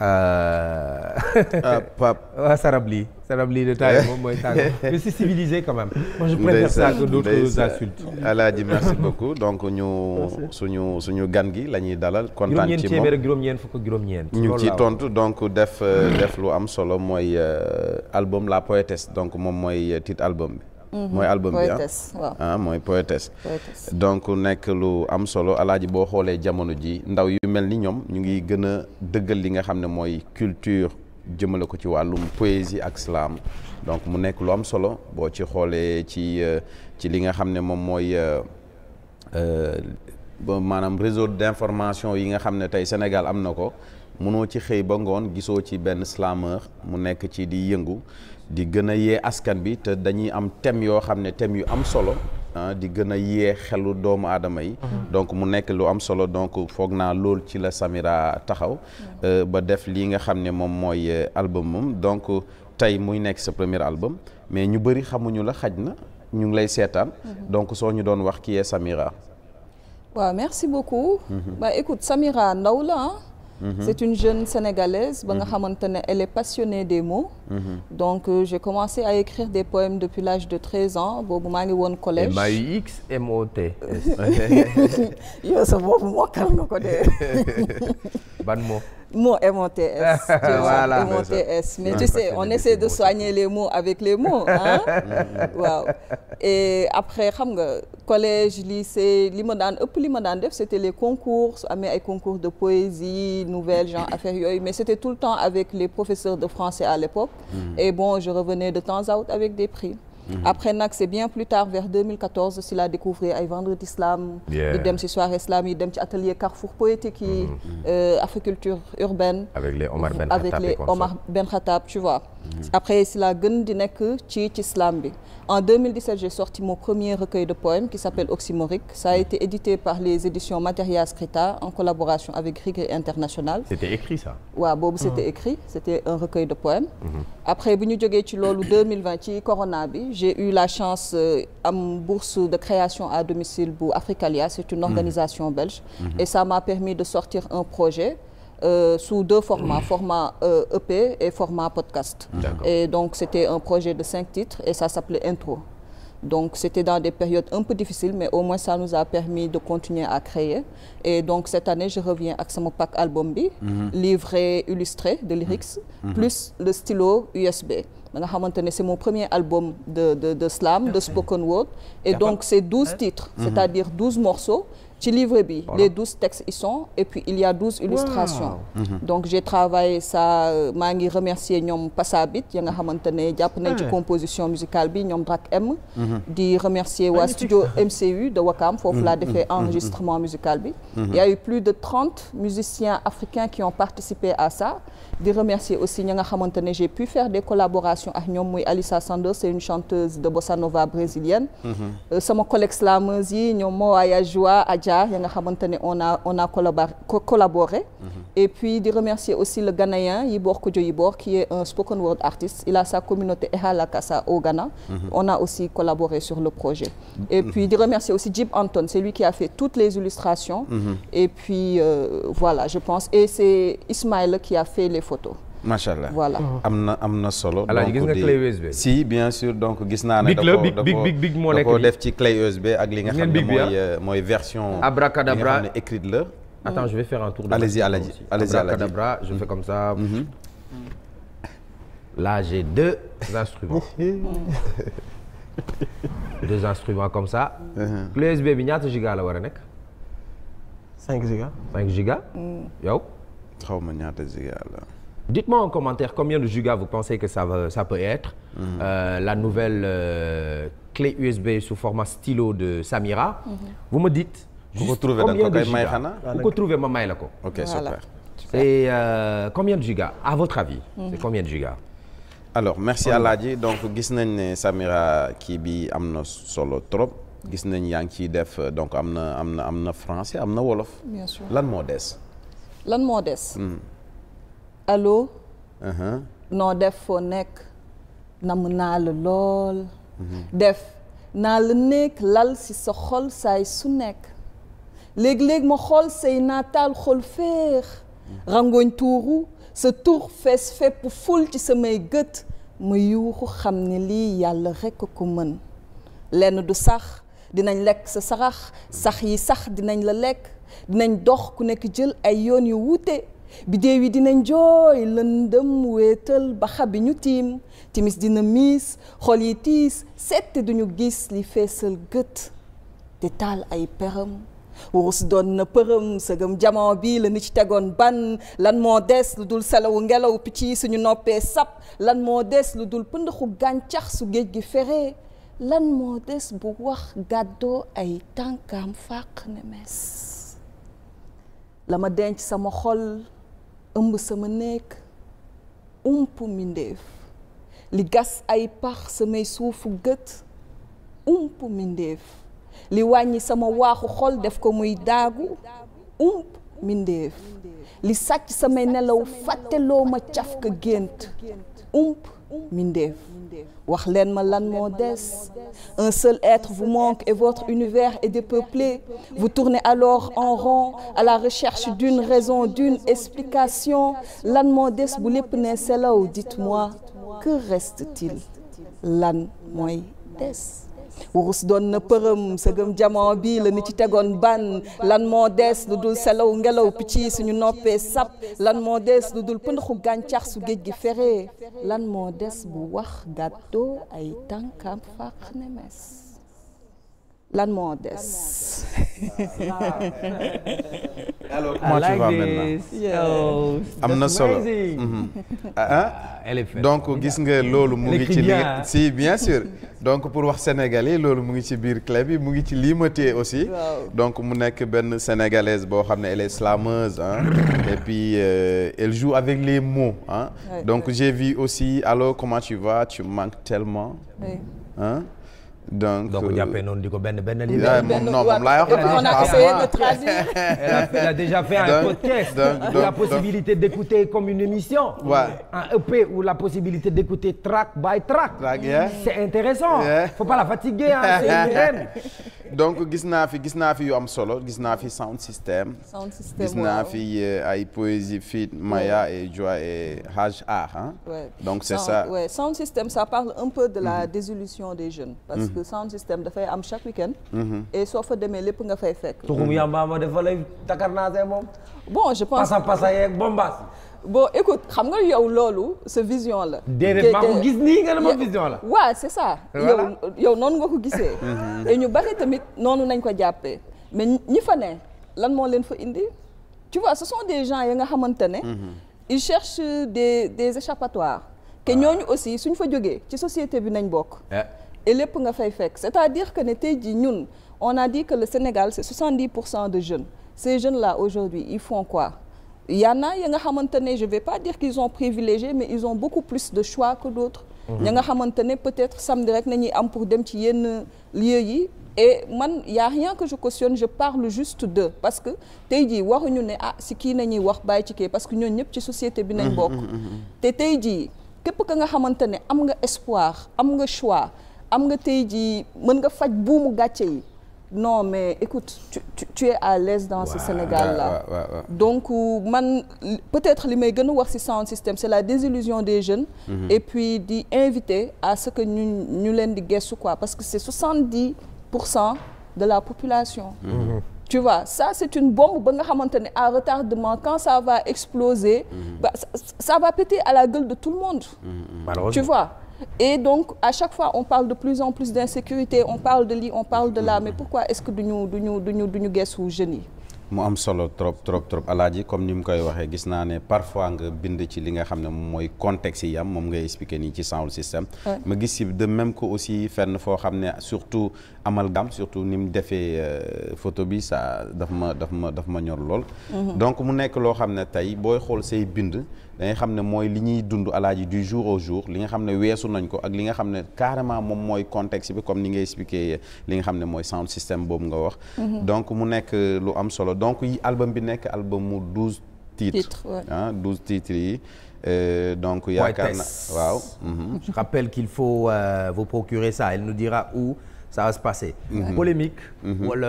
Euh, ah Pape. waa sarab lii sarab lii de taille moom mooy tàng mais c'est civilisé quand même. je préfère ça que d'autres insultes. Alaaji merci beaucoup donc ñu suñu suñu gan gi lañuy dalal. kontaan ci moom juróom-ñeent fukk ak ñu tontu donc def def lu am solo mooy euh, album La Poétesse donc moom mooy euh, titre album bi. Mhm. mooy album bi ah, ah mooy poétesse donc nekk lu am solo alaaji boo xoolee jamono ji ndaw yu mel ni ñoom ñu ngi gën a dëggal li nga xam ne mooy culture jëmale ko ci wàllum poésie ak slam donc mu nekk lu am solo boo ci xoolee ci euh, ci li nga xam ne moom mooy euh, euh, maanaam réseau d'information yi nga xam ne tey Sénégal am na ko mënoo ci xëy ba ngoon gisoo ci benn slameur mu nekk ci di yëngu di gën a yee askan bi te dañuy am thème yoo xam ne thème yu am solo ah, di gën a yee xelu doomu aadama yi mm-hmm. donc mu nekk lu am solo donc foog naa lool ci la Samira taxaw mm-hmm. euh, ba def lii nga xam ne moom mooy euh, album moom donc tey muy nekk sa premier album mais ñu bëri xamuñu la xaj na ñu ngi lay seetaan mm-hmm. donc soo ñu doon wax ki yee Samira ndaw la Mhm. c'est une jeune sénégalaise ba nga mhm. xamante ne elle est passionnée des mots mhm. donc euh, j'ai commencé à écrire des poèmes depuis l'âge de 13 ans boobu maa ngi woon collège MAUX MOT yow sa boobu mokkal nga ko dee ban mot mots MOTS. voilà MOTS mais tu sais on essaie de soigner les mots avec les mots ah. waaw et après xam nga li lycée li ma daan ëpp li ma daan def c' était les concours su amee ay concours de poésie nouvelle genre affaire yooyu mais c' était tout le temps avec les professeurs de français à l'époque mm. et bon je revenais de temps à autre avec des pri Mhm. après nag c' bien plus tard vers 2014 si la découvrir ay vendredi slam di dem si soirée slam yi dem ci atelier carrefour poétique yi. Mhm. Euh, agriculture urbaine. avec les Omar Ben Khattab tu vois. après cela gën di nekk ci ci slam bi en 2017 j'ai sorti mon premier recueil de poèmes qui s'appelle Oxymorique ça a les éditions Materia Scrita en collaboration avec Grigri International c'était écrit boobu c'était ah. écrit c'était un recueil de poèmes mhm. après bu ñu jógee ci loolu 2020 ci corona bi j'ai eu la chance euh, am bourse de création à domicile bu Africalia c'est une mhm. organisation mhm. et ça m'a de sortir un projet euh, sous deux formats, format euh, EP et format podcast. Et donc c'était un projet de cinq titres et ça s'appelait Intro. Donc c'était dans des périodes un peu difficiles, mais au moins ça nous a permis de continuer à créer. Et donc cette année, je reviens avec mon pack album bi, mm -hmm. livret illustré de lyrics, mm -hmm. plus mhm. le stylo USB. C'est mon premier album de, de, de slam, okay. de spoken Et donc c'est 12 titres, mm -hmm. c'est-à-dire 12 morceaux. ci livre bi voilà. les douze textes y sont et puis il y a douze illustrations wow. mmh. donc j'ai travaillé ça euh, maa ngi remercier ñoom Passabit ya nga xamante ne jàpp nañ ci composition musicale bi ñoom Drak M mhm. di remercier waa studio MCU de Wakam foofu laa mhm. defee mhm. enregistrement musical bi y a eu plus de trente musiciens africains qui ont participé à ça di remercier aussi ña nga xamante ne j'ai pu faire des collaborations ak ñoom muy Alissa Sandos c'est une chanteuse de bossa nova brésilienne euh, sama collègue slameuses yi ñoom Mawaya Joa déjà ya xamante ne on a on collaboré mhm. et puis di remercier aussi le Ghanéen Yibor Kodjo Yibor qui est un spoken word artiste il a sa communauté Ehala Kasa au Ghana mhm. on a aussi collaboré sur le projet et mhm. puis remercier aussi Djib Anton c'est lui qui a fait toutes les illustrations et euh, voilà je pense et c'est Ismaël qui a fait les photos macha allah voilà am na am na solo. donc gis nga clé USB. si bien sûr donc gis naa ne. da koo da koo def ci clé USB ak li nga xam ne mooy ah? euh, mooy version. abracadabra li nga xam ne écrite la. attends je vais faire un tour de. allez-y allez-y allez-y abracadabra je fais comme ça. Mm-hmm. là j'ai deux instruments. deux instruments comme ça. Uh-huh. clé USB bi ñaata giga la war a nekk. cinq giga. cinq giga. Mm. yow. xaw ma ñaata giga la. Dites-moi en commentaire combien de gigas vous pensez que ça va, ça peut être. Mm -hmm. euh, la nouvelle euh, clé USB sous format stylo de Samira. Mhm. Vous me dites. combien de gigas ma may la ko. ok voilà. super. c'est euh, combien de gigas à votre avis. Mhm. combien de gigas. alors merci Alaaji donc gis nañ ne Samira kii bi am na solo trop. gis nañ yaa ngi ciy def euh, donc am na am na am na français am na wolof. lan moo des. lan moo hmm. aloo uh-huh. noo def foo nekk namm naa la lool. Mm-hmm. def naa la nekk lal si sa xol saay su nekk léeg-léeg ma xool say naataal xol féex. Mm-hmm. rangooñ tuuru sa tur fees fépp ful ci samay gët ma yuuxu xam ni lii yàlla rekk ko mën lenn du sax dinañ lekk sa sarax mm-hmm. sax yi sax dinañ la lekk dinañ dox ku nekk jël ay yoon yu wuute. biddéew yi dinañ jooy lëndëm wéetal ba xabi ñu tiim timis dina miis xol yi tiis sette duñu gis li feesal gët te taal ay peram wurus doon na përëm sëgëm jamono bi la ni ci tegoon ban lan moo des lu dul selawu ngelaw picc yi suñu noppee sap lan moo des lu dul pëndaxu gàncax su géej gi feree lan moo des bu wax gàddoo ay tànkaam fàq ne mes la ma denc sama xol ëmb sama nekk ump mindéef li gas ay pax samay suufu gët ump mindéef li wàññi sama waaxu xol def ko muy daagu ump mindéef li sàcc samay nelaw fàtteloo ma caf ka gént ump Mindef. Wax leen ma lan moo des. Un seul être vous manque et votre univers est dépeuplé. Vous tournez alors en rond à la recherche d'une raison, d'une explication. Lan moo des bu lépp ne selaw, dites-moi, que reste-t-il? Lan wurus doon na përëm sëgëm jamono bi la ni ci tegoon ban lan moo des lu dul selaw ngelaw picc yi suñu noppee sap lan moo des lu dul pëndaxu gàncax su géej gi feree lan moo des bu wax gàttoo ay tànkam fàq ne mes lan moo des. alors comment tu vas maintenant am na solo. Mhm. Ah, ah. donc gis nga loolu mu ngi ci li si bien sûr donc pour wax sénégalais loolu mu ngi ci biir clé bi mu ngi ci lii ma téye aussi. donc mu nekk benn sénégalaise boo xam ne elle est slameuse ah. et puis euh, elle joue avec les mots ah. donc j'ai vu aussi alors comment tu vas tu manques donc donc jàppee euh, noonu di ko benn benn li moom non moom laay wax. on a essayé de traduire. elle a déjà fait un podcast. la possibilité d'écouter comme une émission. un EP ou la possibilité d'écouter track by track. c'est intéressant. faut pas la fatiguer hein c'est une reine. donc gis naa fi gis naa fi yu am solo gis naa fi sound system. sound system gis naa fi euh, ay poésie fit Maya et Joie et Haj A. donc c'est ça. sound system de la mm-hmm. désillusion des jeunes que sound system dafay am chaque week-end mhm. soo fa demee lépp nga fay fekk tuxum mhm. yamba ma def takarnaase moom bon je pense pasa pasa yeeg bombaas bon écoute xam nga yow loolu sa vision la déedéet maa ko gis nii nga ne vision la waaw c'est ça yow noonu nga ko gisee mhm. et ñu bari tamit noonu nañ ko jàppee mais ñi fa ne lan moo leen fa indi tu vois ce sont des gens yi nga xamante ne ils cherchent des des échappatoires te ah. ñooñu aussi suñ fa jógee ci société bi nañ bokk eh. et lépp nga fay fekk c'est-à-dire que ne tey jii ñun on a dit que le Sénégal c'est 70 pour cent de jeunes ces jeunes là aujourd'hui ils font quoi yann ya nga xamante ne je vais pas dire qu'ils ont privilégié mais ils ont beaucoup plus de choix que d'autres ña mhm. nga xamante ne peut-être samedi rek nañuy am pour dem ci yenn lieux yi et man y a rien que je cautionne je parle juste d'eux parce que tey jii waxuñu ne ah si kii ñuy wax bàyyi ci kii parce que ñooñu ñëpp ci société bi nañ mhm, bokk mhm, te tey jii képp ka nga xamante ne am nga espoir am nga choix am nga te jii mën nga faj buumu gàcce yi non mais écoute tu, es à l'aise dans ce Sénégal là donc euh, man peut-être li may gën a wax si sans système c'est la désillusion des jeunes mhm. et puis di inviter à ce que ñu ñu leen di gëstu quoi parce que c'est soixante-dix pour cent de la population mm -hmm. tu vois ça c'est une bombe ba nga xamante ne à retardement quand ça va exploser mm -hmm. bah, va péter à la gueule de tout le monde mhm. tu vois et donc à chaque fois on parle de plus en plus d'insécurité on parle de lii on parle de là mais pourquoi est-ce que duñu duñu geesu jeunes mu am solo trop trop trop alaaji comme ni mu koy waxee gis naa ne parfois nga bind ci li nga xam ne mooy contexte yi am moom ngay expliquer nii ci Sound System ma gis si de même ko aussi fenn foo xam ne surtout gam surtout ni mu defee euh, photo bi ça daf ma daf ma daf ma ñor lool mm-hmm. donc mu nekk loo xam ne tey booy xool say bind dangay xam ne mooy li ñuy dund alaaji du jour au jour li nga xam ne weesu nañ ko ak li nga xam ne carrément moom mooy contexte bi comme ni ngay expliqué li nga xam ne mooy sound system boobu nga wax mhm. donc mu nekk lu am solo donc yi album bi nekk album mu douze titres ah douze titres yi euh, donc yaakaar na waaw. Mhm. je rappelle qu'il faut euh, vous procurer ça elle nous dira où ça va se passer. Mhm. polémique. wala.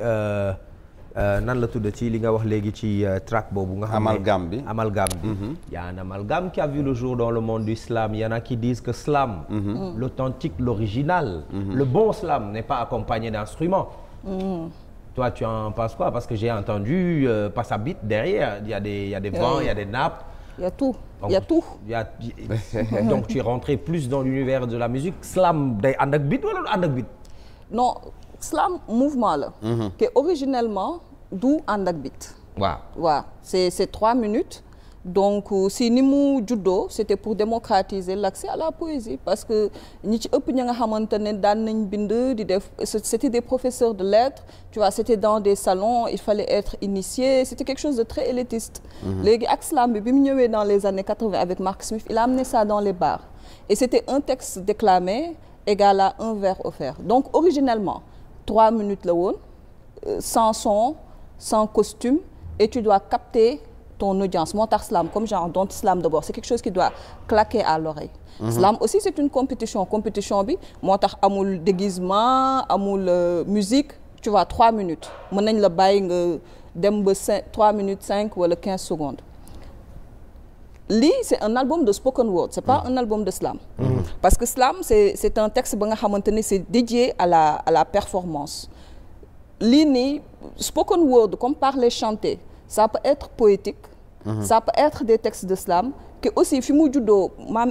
Euh, Euh, nan la tudd ci li nga wax léegi ci euh, track boobu nga xam ne bi amalgame bi mm-hmm. y a a vu le jour dans le monde du slam y en a qui slam mm-hmm. mm. l'authentique l'original mm-hmm. le bon slam n'est pas accompagné d'instruments mm. toi en penses parce que j'ai entendu euh, passabit derrière il y a des il y a des vents y a tout donc tu es rentré plus dans l'univers de la musique slam day ànd wala ànd non slam mouvement la. Mhm. te originellement du ànd ak bit. waaw waaw c'est c'est trois minutes. donc euh, si ni mu juddoo c'était pour démocratiser l'accès à la poésie parce que ñi ci ëpp ña nga xamante ne daan nañ bind di def c'était des professeurs de lettres tu vois c'était dans des salons il fallait être initié c'était quelque chose de très élitiste mhm. léegi ak slam bi bi mu ñëwee dans les années 80 avec Mark Smith il a amené ça dans les bars et c'était un texte déclamé égal à un vers offert donc originellement trois minutes la woon euh, sans son sans costume et tu dois capter ton audience moo tax slam comme genre dont slam d'abord c'est quelque chose qui doit claquer à l'oreille mhm. slam aussi c'est une compétition compétition bi moo tax amul déguisement amul euh, musique tu vois trois minutes mën nañ la bàyyi nga dem ba cinq trois minutes cinq wala quinze secondes lii c' est un album de spoken word c' est pas mm. un album de slam mm. parce que slam c' est c' est un texte ba nga xamante ni c' est dédié à la à la performance lii nii spoken word comme parler chanter ça peut être poétique mm-hmm. ça peut être des textes de slam que aussi fi mu juddoo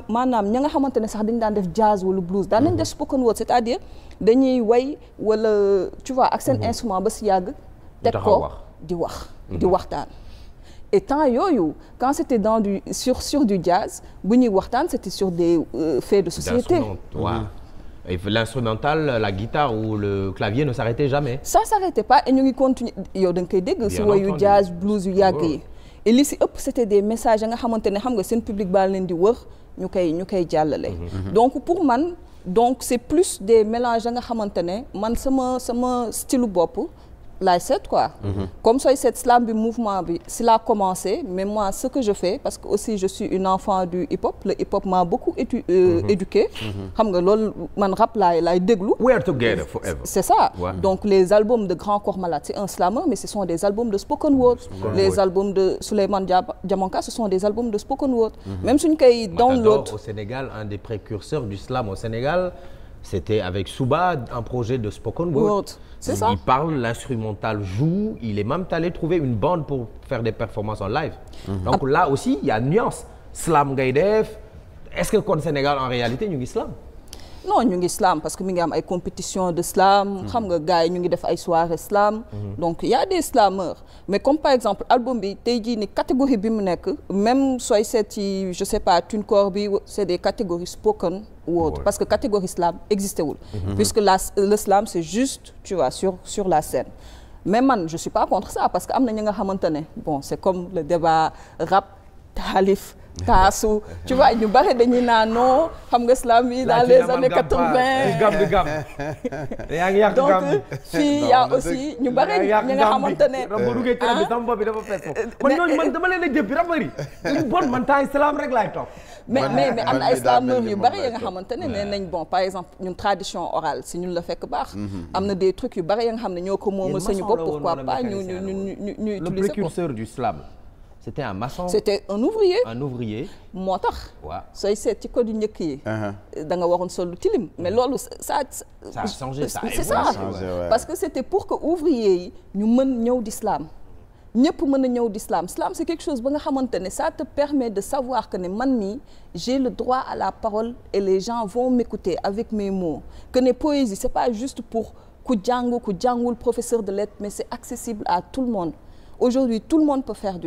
maanaam ña nga xamante ne sax dañu daan def jazz wala blues daan nañ mm-hmm. def spoken word c' est à dire dañuy way wala tu vois ak seen mm-hmm. instrument ba si yàgg teg ko di wax di waxtaan et temps yooyu quand c' était dans du sur du jazz bu ñuy waxtaan c' était sur des euh, faits de société et l'instrumental la guitare ou le clavier ne s'arrêtait jamais. sa s'arrêtait pas et ñu ngi continuer yow danga nga koy dégg. si wayu jazz blues yu yàgg yi. et li si ëpp c'était des messages ya nga xamante ne xam nga seen public baa leen di wër ñu koy ñu koy jàllale. Mhm. Mhm. donc pour man donc c'est plus des mélanges ya nga xamante ne man sama sama style bopp. la seet quoi. Mhm. comme sooy seet slam bi mouvement bi si laa commencé mais moi ce que je fais parce que aussi je suis une enfant du hip hop le hip hop m'a beaucoup étu euh, mhm. éduqué. Mhm. xam nga loolu c'est ça donc les albums de Grand Corps Malade c'est un slammer mais ce sont des albums de spoken word. les albums de Souleymane Diamanka ce sont des albums de spoken word. même suñu koy download Matador au Sénégal un des précurseurs du au Sénégal. C'était avec Souba, un projet de spoken word. C'est ça. Il parle, l'instrumental joue, il est même allé trouver une bande pour faire des performances en live. Mm -hmm. Donc là aussi, il y a une nuance. Slam ngay def est-ce que kon Sénégal en réalité ñu ngi slam. non ñu ngi slam parce que mi ngi am ay compétition de slam. Hmm. xam nga gars yi ñu ngi def ay soirée slam. Hmm. donc y a des mais comme par exemple album bi tey jii ni catégorie bi mu nekk même sooy seet ci je sais pas TuneCore bi c' de des catégories spoken ou autre parce que catégorie slam existé wul. Hmm. puisque la le slam c' est juste tu vois sur la scène. mais man je suis pas contre ça parce que am na ñi nga xamante ne bon est comme le débat rap taalif. taasu tu vois ñu bare dañuy naan non xam nga slam yi dans les années quatre-vingt gam di gam yaa ngi yàq donc fii yaa aussi ñu bare ñi nga xamante bi ah. sama dama leen a jëppi rabari ñu bon man taay slam rek laay topp mais mais am na ay slameur yu bare yi nga xamante ne nee nañ bon par exemple ñun tradition orale si ñun la fekk baax mm-hmm. am na des trucs yu bare ya nga xam ne ñoo ko moomal suñu bopp pourquoi pas ñu ñu ñu ñu utiliser ko le précurseur du slam c'était un maçon c'était un ouvrier un ouvrier moo tax waaw sooy seet ci code yu njëkk yi uh-huh. da nga waroon solo lu tilim mais loolu ça ça a changé parce que c'était pour que ouvrier yi ñu mën ñëw d'islam ñëpp mën a ñëw d'islam islam c'est quelque chose ba nga xamante ne ça te permet de savoir que ne man mii j'ai le droit à la parole et les gens vont m'écouter avec mes mots que ne poésie c'est pas juste pour ku jàng ku jàngul professeur de lettres mais c'est accessible à tout le monde aujourd'hui tout le monde peut faire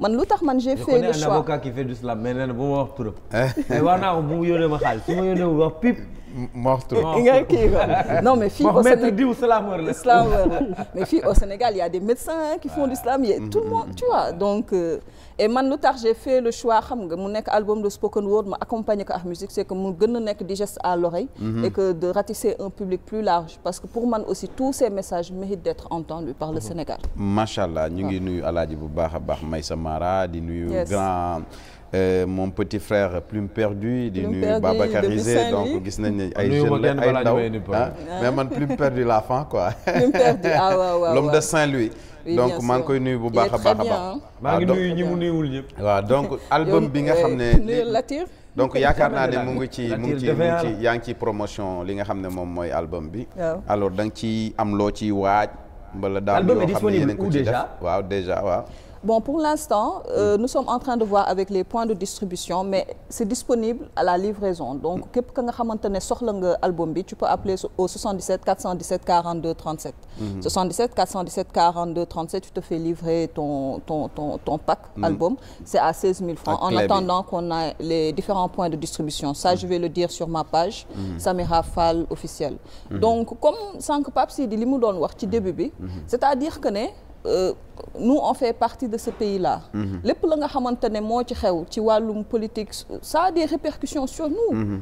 man lu tax man j'ai fait le choix je connais un avocat qui slam mais nee na bu ma wax turam. Eh. mais war naa ko bu mu ma xaalis su ma yónnee ma wax pip. ma wax turam nga kii non mais fii au Sénégal ya slameur la slameur la mais fii au Sénégal y a des médecins qui font du slam y a tout le mm-hmm. monde tu vois donc. Euh, et man lu tax j'ai fait le choix xam nga mu nekk album de spoken word ma accompagner ko ak musique c'est que mu gën a nekk digeste à l'oreille mm-hmm. et que de ratisser un public plus large parce que pour man aussi tous ces messages méritent d'être entendus par le mm-hmm. Sénégal. macha allah ñu ngi nuyu alaaji bu baax a baax may Samara di nuyu grand Euh, mon petit frère Plume Perdue di nuyu Babacar Isé donc gis nañ ne ay jeunes la ay ndaw ah. mais man Plume Perdue la fan quoi. Plume Perdue ah de Saint-Louis. Oui, donc maa ngi koy nuyu bu baax a baax a baax. maa ngi ah, nuyu ñi mu donc bi nga xam ne. Euh, donc yaakaar naa ne mu ngi ci mu ngi ci mu ci yaa ngi ci promotion li nga xam ne moom mooy album bi. alors da nga ci am loo ciy waaj. mbala daal yoo xam ne yéen a ngi ko ci def waaw déjà waaw. Bon, pour l'instant, euh, nous sommes en train de voir avec les points de distribution, mais c'est disponible la nga xamante ne soxla nga album bi, tu peux appeler au 77 417 42 37. Mm -hmm. 77 417 42 37, à 16 000 francs. En attendant qu'on a les différents points de mhm. mhm. mhm. li mu doon wax ci début bi, Euh, nous on fait partie de ce pays là mhm. lépp la nga xamante ne moo ci xew ci wàllum politique ça a des répercussions sur nous mhm.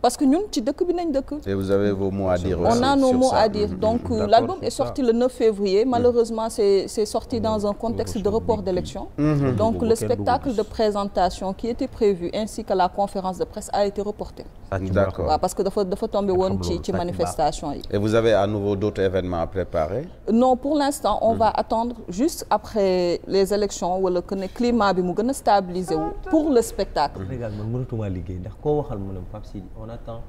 parce que ñun ci dëkk bi nañ dëkk. et vous avez vos mots à dire. on a nos mots à dire mm-hmm. donc l'album est sorti le 9 février malheureusement c'est c'est sorti dans un contexte de report d'élection mm-hmm. donc le spectacle de présentation qui était prévu ainsi que la conférence de presse a été reporté. Ah, d'accord waaw parce que dafa dafa tombé woon ci ci manifestation yi. et vous avez à nouveau d'autres événements à préparer. non pour l'instant on mm. va attendre juste après les élections wala que ne climat bi mu gën a stabiliser wu ah, pour le spectacle. Sénégal man mënatuma liggéey ndax koo waxal mu ne Pape Sidi on attend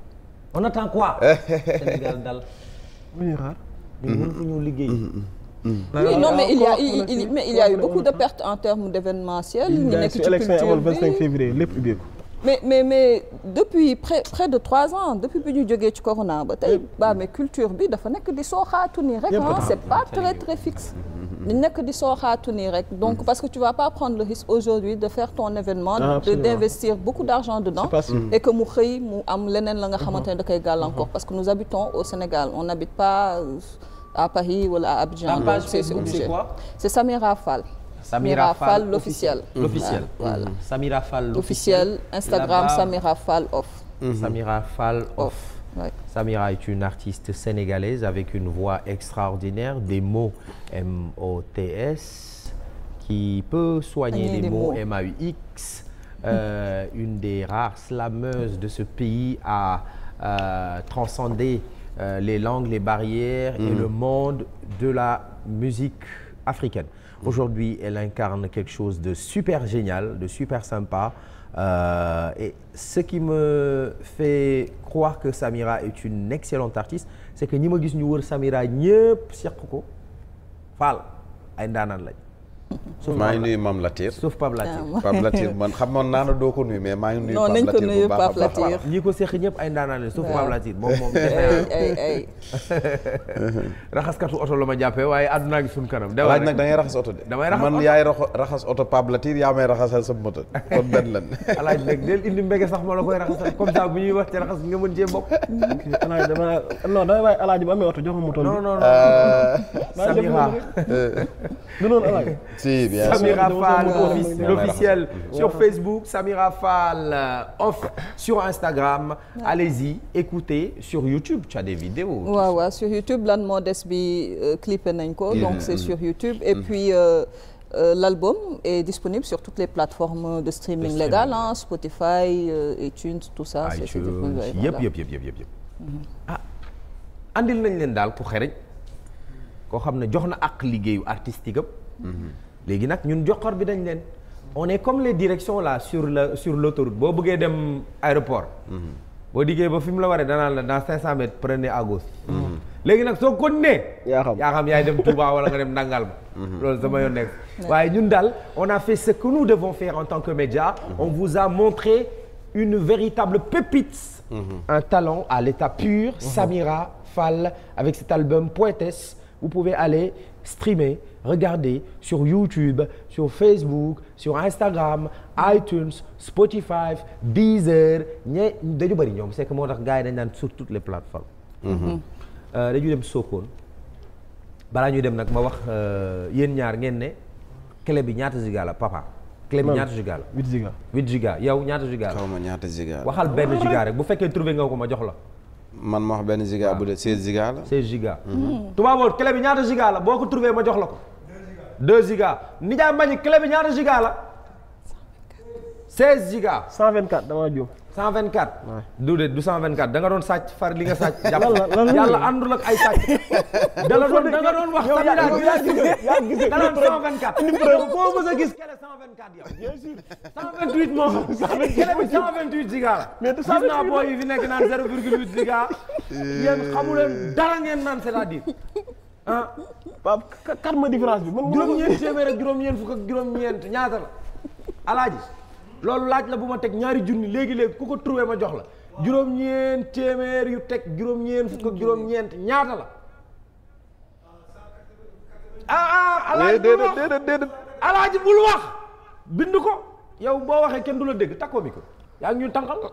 on attend quoi. Sénégal mm-hmm. liggéey. Mm-hmm. Mm-hmm. oui mais il y a il y a eu beaucoup de pertes en termes d'événementiel. ñu nekk ci culture bi amul février lépp ubbeeku. mais mais mais depuis près de trois ans depuis bi ñu jógee ci corona ba tey ba mais culture bi dafa nekk di sooxaatu nii rek ah c'est pas très très fixe. di nekk di sooxaatu nii rek donc mm. parce que tu vas pas prendre le risque aujourd'hui de faire ton événement ah, d'investir beaucoup d'argent dedans et que mu xëy mu am leneen la nga mm-hmm. xamante ne da gàllankoor mm-hmm. parce que nous habitons au Sénégal on n'habite pas euh, à Paris wala à Abidjan donc c'est obligé c'est Samira Fall Samira Fall l'officiel l'officiel mm-hmm. voilà Samira Fall l'officiel Instagram Samira Fall off Ouais. Samira est une artiste sénégalaise avec une voix extraordinaire, des mots M-O-T-S, qui peut soigner les, les mots, mots. M-A-U-X. Euh, une des rares slameuses de ce pays à euh, transcender euh, les langues, les barrières mm -hmm. et le mhm. monde de la musique africaine. Mhm. Aujourd'hui, elle incarne quelque chose de super génial, de super sympa. Euh, et ce qui me fait croire que Samira est une excellente artiste c'est que ñi ma gis ñu wër Samira ñëpp seq ko faal ay ndaanaan lañ maa ngi nuyu Mame Latir suuf Pape Latir ah, Pape Latir man xamoon naa ne doo ko nuyu mais maa ngi nuyu non nañ ko nuyu Pape Latir ñi ko seq ñëpp ay la ma jàppee waaye àdduna gi suñ kanam laaj nag da ngay raxas de damay raxas man yaay raxas oto Pape Latir yaa may raxasal sax ma la koy raxasal bu ñuy wax ci raxas nga mën cee bokk alaaj dama non damay bàyyi alaaj bu amee oto jox moto non non non Samiha du alaaj si bien Samira Fall l'officiel sur Facebook Samira Fall euh, off sur Instagram allez écoutez sur YouTube tu des vidéos sur YouTube bi euh, clippé nañ ko mm-hmm. donc c'est mm-hmm. sur YouTube et mm-hmm. puis euh, euh, l'album est disponible sur toutes les plateformes de streaming légal Spotify euh, tout ça. iTunes yëpp yëpp yëpp yëpp yëpp. ah andil nañ leen daal ku xereñ koo xam ne jox na ak liggéeyu artistique am. léegi nag ñun joxor bi dañ leen on est comme les directions là sur la sur l'autoroute boo bëggee dem aéroport mhm. boo diggee ba fi mu la ware danaan la dans cinq cent mètres prenez à gauche mhm. léegi nag soo continuer yaa xam yaa xam yaay dem Touba wala nga dem nangal ma mhm. loolu sama yoon nekk waaye ñun daal on a fait ce que nous devons faire en tant que média on vous a montré une véritable pépite un talent à l'état pur Samira Fall avec cet album Poétesse vous pouvez aller streamer regarder sur YouTube, sur Facebook, sur Instagram, iTunes, Spotify, Deezer ñee dañu bëri ñoom sekk moo tax gars yi dañ daan sur toutes les plateformes. Mhm. Euh, dañu dem Sokone balaa ñuy dem nag ma wax euh, yéen ñaar ngeen ne clé bi ñaata giga la papa. clé bi ñaata giga la 8 giga. 8 yow ñaata giga la. xaw ñaata giga waxal benn giga rek bu fekkee trouvé nga ko ma jox la. man ma wax benn giga bu dee 16 giga la. 16 giga. Mhm. Mm. tubaaboo clé bi ñaata giga la boo ko trouvé ma jox la ko. 2 giga nijaay maji clé bi ñaata giga la. 16 giga. 124 damaa juum. 124. waaw du de du 124 da nga doon sàcc far li nga sàcc. jàpp yàlla àndul ak ay sàcc. da doon nga doon wax. yow yaa gis nga da doon 124. ni preuve gis kele 124 yow. bien sûr 128 moom. 128 kele bi mais du 128 naa booy yi fi nekk naan 0,8 giga. yéen xamu leen dara ngeen naan cest à ah Pape kat ma différence bi. man juróom-ñeent téeméer ak juróom-ñeent ak juróom-ñeent ñaata la. alaaji loolu laaj la bu ma teg ñaari junni léegi léegi ku ko trouvé ma jox la juróom-ñeent téeméer yu teg juróom-ñeent fukk ak juróom-ñeent ñaata la. ah ah alaaji eh, bul wax bind ko yow boo waxee kenn du la dégg takko bi ko yaa ngi ñuy tànqal.